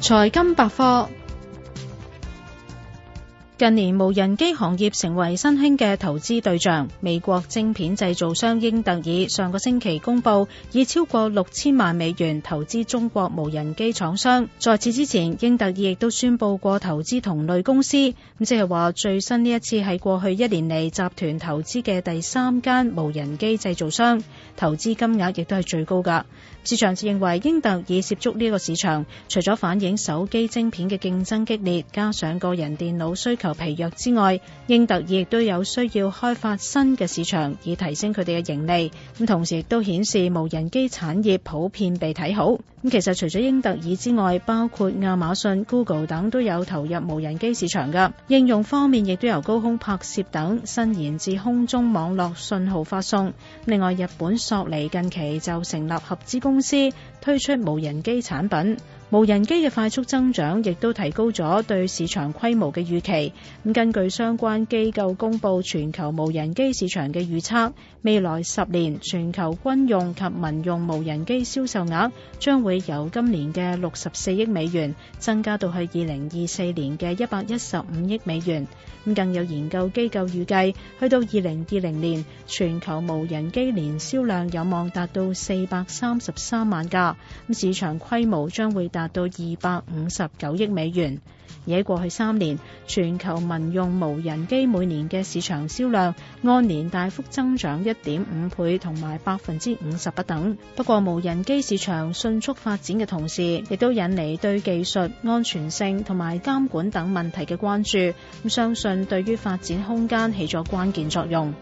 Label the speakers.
Speaker 1: 財金百科。近年無人機行業成為新興嘅投資對象。美國晶片製造商英特爾上個星期公布，以超過六千萬美元投資中國無人機廠商。在此之前，英特爾亦都宣布過投資同類公司。咁即係話最新呢一次係過去一年嚟集團投資嘅第三間無人機製造商，投資金額亦都係最高噶。市場就認為英特爾涉足呢個市場，除咗反映手機晶片嘅競爭激烈，加上個人電腦需求，疲弱之外，英特爾亦都有需要開發新嘅市場，以提升佢哋嘅盈利。咁同時亦都顯示無人機產業普遍被睇好。咁其實除咗英特爾之外，包括亞馬遜、Google 等都有投入無人機市場嘅，應用方面，亦都由高空拍攝等，伸延至空中網絡信號發送。另外，日本索尼近期就成立合資公司，推出無人機產品。無人機嘅快速增長，亦都提高咗對市場規模嘅預期。咁根據相關機構公布，全球無人機市場嘅預測，未來十年全球軍用及民用無人機銷售額將會由今年嘅六十四億美元增加到去二零二四年嘅一百一十五億美元。咁更有研究機構預計，去到二零二零年，全球無人機年銷量有望達到四百三十三萬架。咁市場規模將會達到二百五十九億美元。而喺過去三年，全球民用無人機每年嘅市場銷量按年大幅增長一點五倍和，同埋百分之五十不等。不過，無人機市場迅速發展嘅同時，亦都引嚟對技術安全性同埋監管等問題嘅關注。咁相信，對於發展空間起咗關鍵作用。